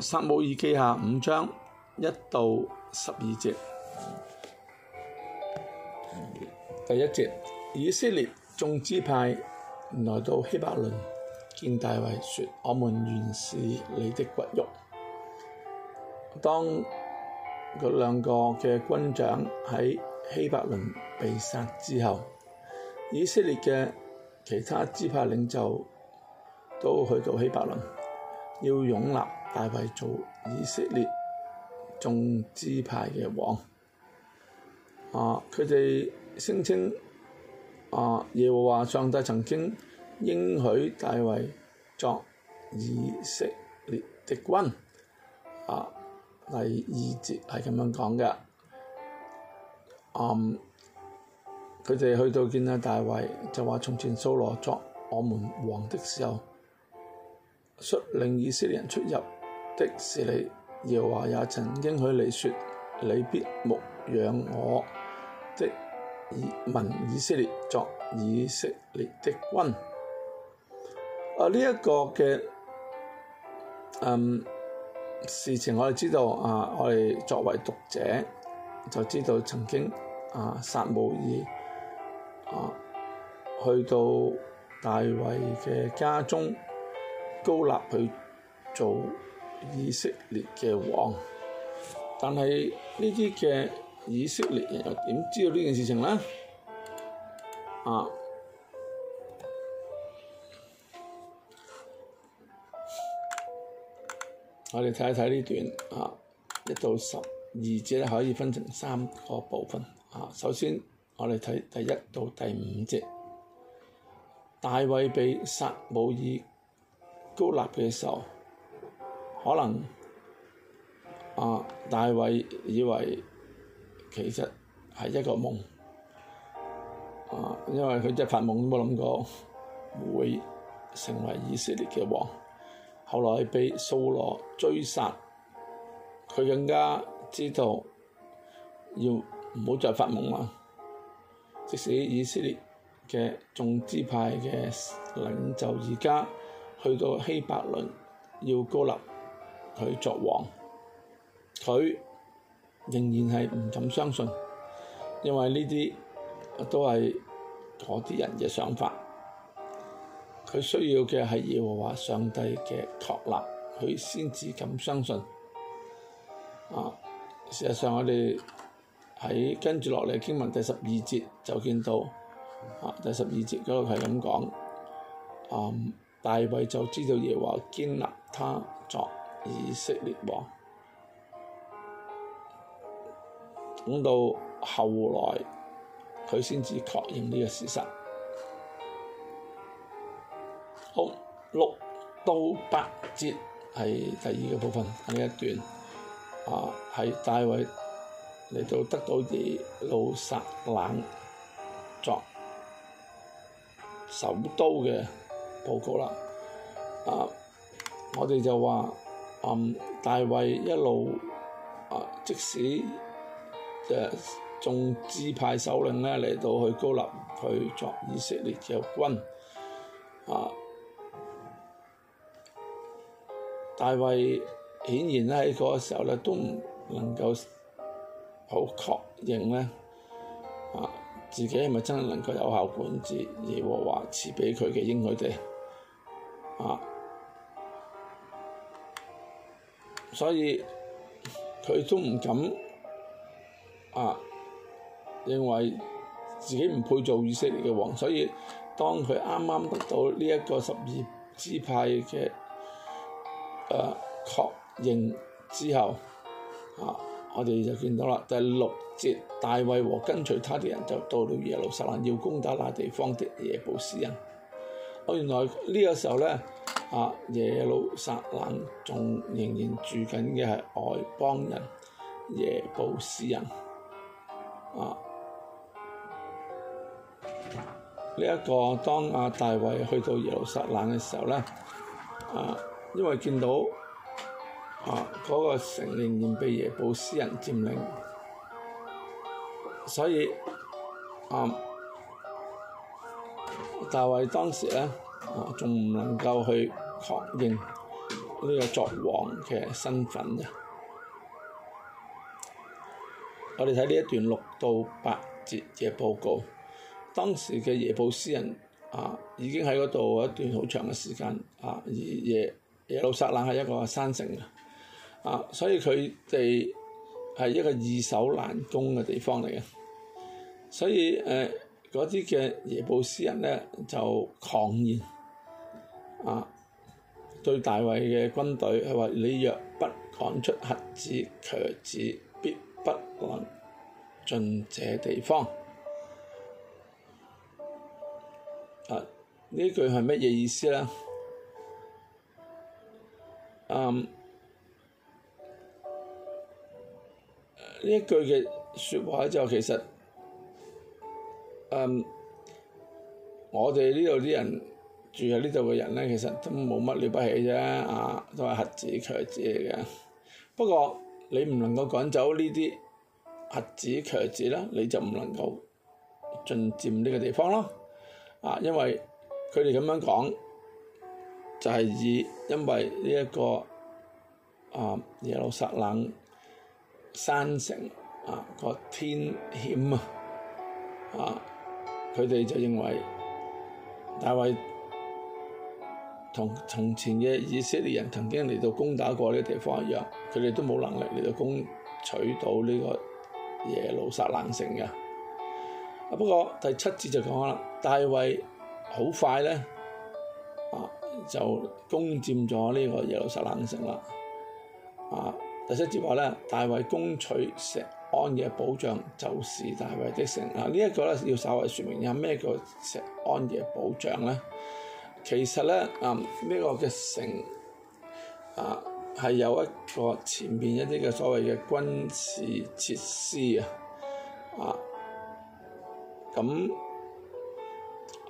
撒母耳記下五章一到十二節，第一節：以色列眾支派來到希伯倫，見大衛，說：我們原是你的骨肉。當嗰兩個嘅軍長喺希伯倫被殺之後，以色列嘅其他支派領袖都去到希伯倫，要擁立。大衛做以色列眾支派嘅王，啊！佢哋聲稱啊，耶和華上帝曾經應許大衛作以色列的君，啊，第二節係咁樣講嘅。嗯，佢哋去到見到大衛，就話從前掃羅作我們王的時候，率領以色列人出入。的是你，耶和華也曾應許你說：你必牧養我的民以色列，作以色列的君。啊！呢、這、一個嘅嗯事情，我哋知道啊，我哋作為讀者就知道曾經啊，撒母耳啊去到大衛嘅家中膏立去做以色列嘅王，但係呢啲嘅以色列人又點知道呢件事情咧？啊，我哋睇一睇呢段啊，一到十二節咧可以分成三個部分。啊，首先我哋睇第一到第五節，大衛被撒母耳膏立嘅時候。可能啊，大衛以為其實係一個夢啊，因為佢真係發夢都冇諗過會成為以色列嘅王。後來被掃羅追殺，佢更加知道要唔好再發夢啦。即使以色列嘅眾支派嘅領袖而家去到希伯倫要膏立佢作王，佢仍然係唔敢相信，因為呢啲都係嗰啲人嘅想法。佢需要嘅係耶和華上帝嘅確立，佢先至敢相信。啊，事實上我哋喺跟住落嚟經文第十二節就見到啊，第十二節嗰度係咁講：啊、嗯，大衛就知道耶和華堅立他作。以色列王，等到後來佢先至確認呢個事實。好，六到八節係第二個部分，第一段啊，係大衛嚟到得到耶路撒冷作首都嘅報告啦。啊，我哋就話。嗯、大衛一路、啊、即使誒眾支派首領咧嚟到去膏立，去作以色列嘅君啊，大衛顯然咧喺嗰個時候咧都唔能夠好確認咧啊，自己係咪真係能夠有效管治耶和華賜俾佢嘅應許地啊？所以佢都唔敢啊，認為自己唔配做以色列嘅王。所以當佢啱啱得到呢一個十二支派嘅誒、啊、確認之後啊，我哋就見到啦。第六節，大衛和跟隨他啲人就到了耶路撒冷，要攻打那地方的耶布斯人。我原來呢個時候咧，啊，耶路撒冷仲仍然住緊嘅係外邦人耶布斯人，啊，呢一個當阿大衛去到耶路撒冷嘅時候咧，啊，因為見到啊，嗰個城仍然被耶布斯人佔領，所以啊。但係當時咧，啊，仲唔能夠去確認呢個作王嘅身份嘅。我哋睇呢一段六到八節嘅報告，當時嘅耶布斯人啊，已經喺嗰度一段好長嘅時間啊，而耶耶路撒冷係一個山城啊，所以佢哋係一個易守難攻嘅地方嚟嘅，所以誒。呃嗰啲嘅耶布斯人呢，就抗議，啊，對大衛嘅軍隊，佢話：你若不趕出瞎子、瘸子，必不能進這地方。啊，呢句係乜嘢意思呢？嗯，呢一句嘅説話之後，其實 Um, 我哋呢度啲人住喺呢度嘅人咧，其實都冇乜了不起啫，啊，都係瞎子瘸子嚟嘅。不過你唔能夠趕走呢啲瞎子瘸子啦，你就唔能夠進佔呢個地方咯。啊，因為佢哋咁樣講，就係、是、以因為呢、這、一個啊耶路撒冷山城啊個天險啊啊！佢哋就認為大衛同從前嘅以色列人曾經嚟到攻打過呢個地方一樣，佢哋都冇能力嚟到攻取到呢個耶路撒冷城嘅。不過第七節就講啦，大衛好快咧啊，就攻佔咗呢個耶路撒冷城啦。啊，第七節話咧，大衛攻取石安耶保障就是大衛的城啊！這個、呢一個咧，要稍微説明一下咩叫錫安嘅保障咧？其實咧、嗯這個、啊呢個嘅城啊，係有一個前面一啲嘅所謂嘅軍事設施啊，啊咁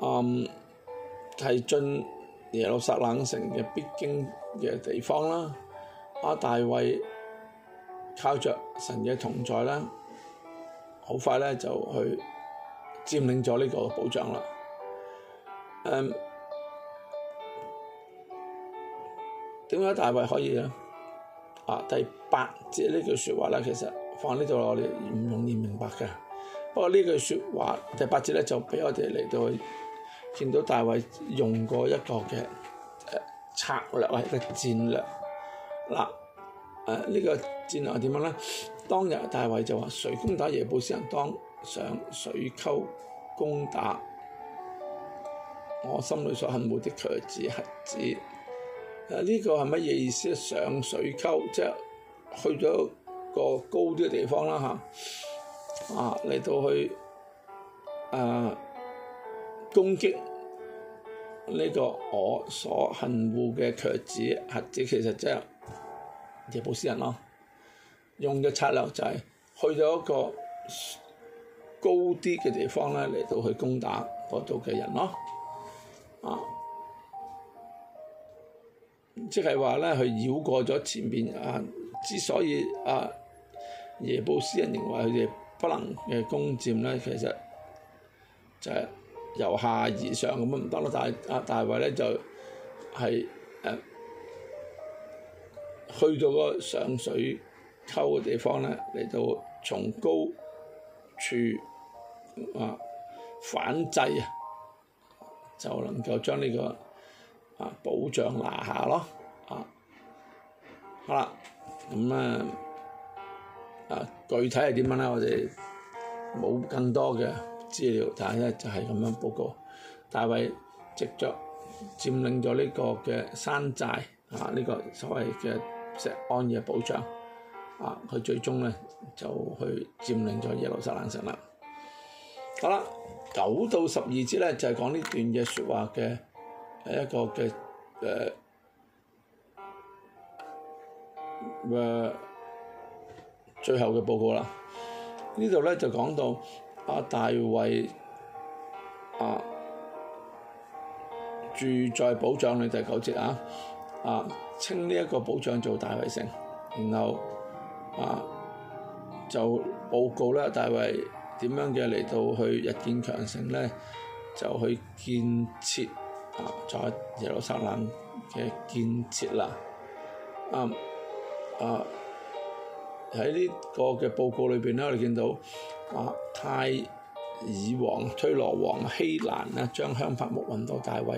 啊係進耶路撒冷城嘅必經嘅地方啦！阿、啊、大衛靠着。神嘅同在啦，好快咧就去佔領咗呢個保障啦。誒、嗯，點解大衛可以咧？啊，第八節呢句說話咧，其實放呢度我哋唔容易明白嘅。不過呢句說話第八節咧，就俾我哋嚟到見到大衛用過一個嘅誒策略，或者戰略嗱。啊呢、呃這個戰略係點樣咧？當日大衛就話：誰攻打耶布斯人？當上水溝攻打我心裏所恨惡的瘸子、瞎子。誒、呃，呢、這個係乜嘢意思？上水溝即係去咗個高啲嘅地方啦，吓啊嚟到去誒、呃、攻擊呢個我所恨惡嘅瘸子、瞎子，其實即係。耶布斯人咯，用嘅策略就係去咗一個高啲嘅地方咧，嚟到去攻打嗰度嘅人咯，啊，即係話咧，佢繞過咗前邊啊，之所以啊耶布斯人認為佢哋不能嘅攻佔咧，其實就係由下而上咁樣，唔得大，大呢、就是、啊大衛咧就係誒。去到個上水溝嘅地方咧，嚟到從高處啊反制啊，就能夠將呢個啊保障拿下咯，啊，好啦，咁啊啊具體係點樣咧？我哋冇更多嘅資料，但係咧就係咁樣報告。大衞直著佔領咗呢個嘅山寨，啊呢個所謂嘅。錫安嘅保障，啊，佢最終咧就去佔領咗耶路撒冷城啦。好啦，九到十二節咧就係講呢段嘅説話嘅一個嘅誒誒最後嘅報告啦。這裏呢度咧就講到阿、啊、大衛啊住在保障裏，第九節啊。啊，稱呢一個保障做大衛城，然後啊就報告啦。大衛點樣嘅嚟到去日見強盛咧，就去建設啊，在耶路撒冷嘅建設啦。啊啊喺呢個嘅報告裏邊咧，我哋見到啊，泰爾王、推羅王希蘭啊，將香柏木運到大衛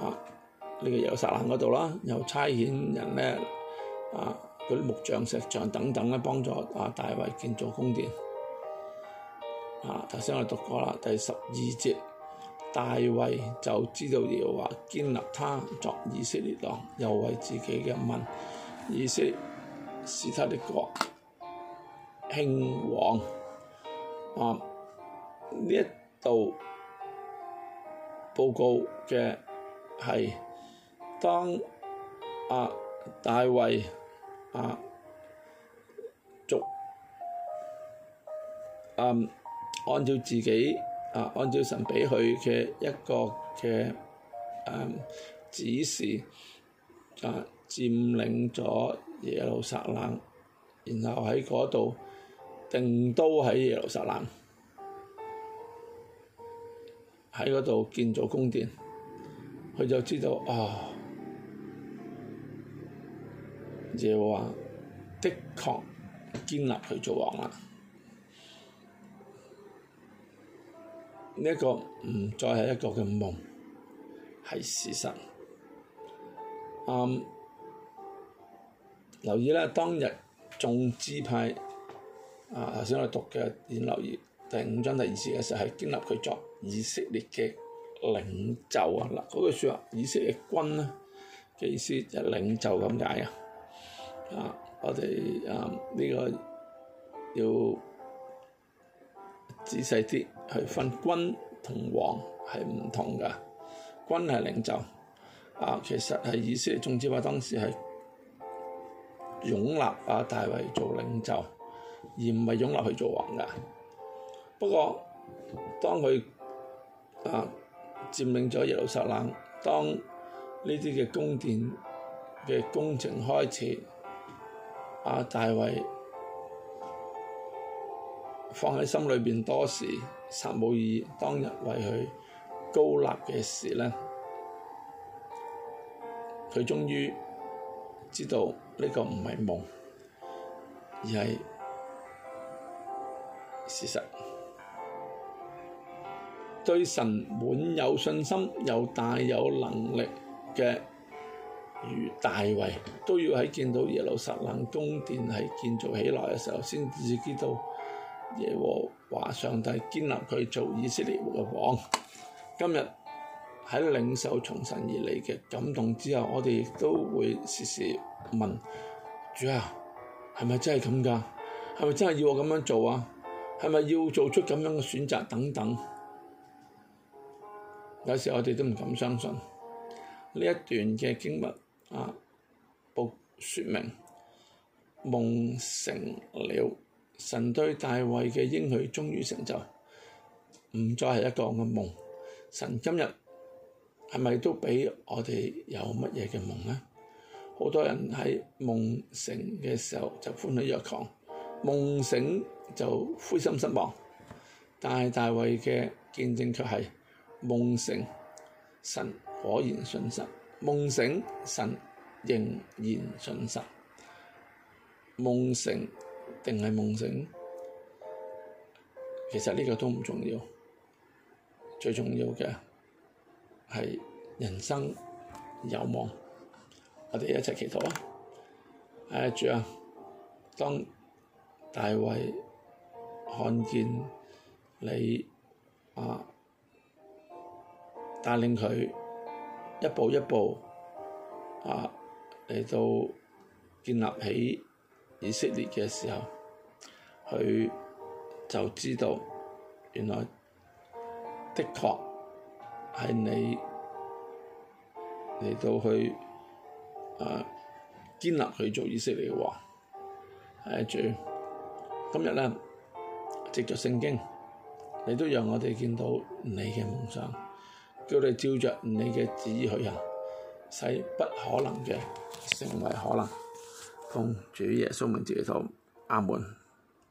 啊。呢、這個猶撒蘭嗰度啦，又差遣人咧，啊，啲木像石像等等咧，幫助啊大衛建造宮殿。啊，頭先我哋讀過啦，第十二節，大衛就知道耶和華建立他作以色列王，又為自己嘅民以色列使他的國興旺。啊，呢一度報告嘅係。當阿、啊、大衛族啊，啊，按照自己啊，按照神畀佢嘅一個嘅、啊、指示啊，佔領咗耶路撒冷，然後喺嗰度定都喺耶路撒冷，喺嗰度建造宮殿，佢就知道哦。啊就係話的確建立佢做王啦，呢、這個、一個唔再係一個嘅夢，係事實。啊、嗯，留意呢，當日眾支派啊頭先我哋讀嘅，要留意第五章第二節嘅時候，係建立佢作以色列嘅領袖啊！嗱，嗰句説話，以色列君啊，嘅意思就係領袖咁解啊！啊！我哋誒呢個要仔細啲去分君同王係唔同嘅，君係領袖。啊，其實係意思，總之話當時係擁立阿大衛做領袖，而唔係擁立去做王嘅。不過當佢啊佔領咗耶路撒冷，當呢啲嘅宮殿嘅工程開始。阿、啊、大衞放喺心裏邊多時，撒母耳當日為佢高立嘅事呢，佢終於知道呢個唔係夢，而係事實。對神滿有信心，又大有能力嘅。如大衛都要喺見到耶路撒冷宮殿係建造起來嘅時候，先至知道耶和華上帝建立佢做以色列嘅王。今日喺領受從神而嚟嘅感動之後，我哋亦都會時時問主啊，係咪真係咁噶？係咪真係要我咁樣做啊？係咪要做出咁樣嘅選擇等等？有時我哋都唔敢相信呢一段嘅經文。啊！報説明夢成了，神對大衛嘅應許終於成就，唔再係一個嘅夢。神今日係咪都俾我哋有乜嘢嘅夢呢？好多人喺夢醒嘅時候就歡喜若狂，夢醒就灰心失望。但係大衛嘅見證卻係夢醒，神果然信實。夢醒，神仍然信神。夢醒定係夢醒，其實呢個都唔重要。最重要嘅係人生有望，我哋一齊祈禱啊！誒主啊，當大衛看見你啊，帶領佢。一步一步啊嚟到建立起以色列嘅時候，佢就知道原來的確係你嚟到去啊建立佢做以色列嘅王。喺主今日咧，藉著聖經，你都讓我哋見到你嘅夢想。叫你照着你嘅旨意去行，使不可能嘅成為可能。奉主耶穌名字接受阿門。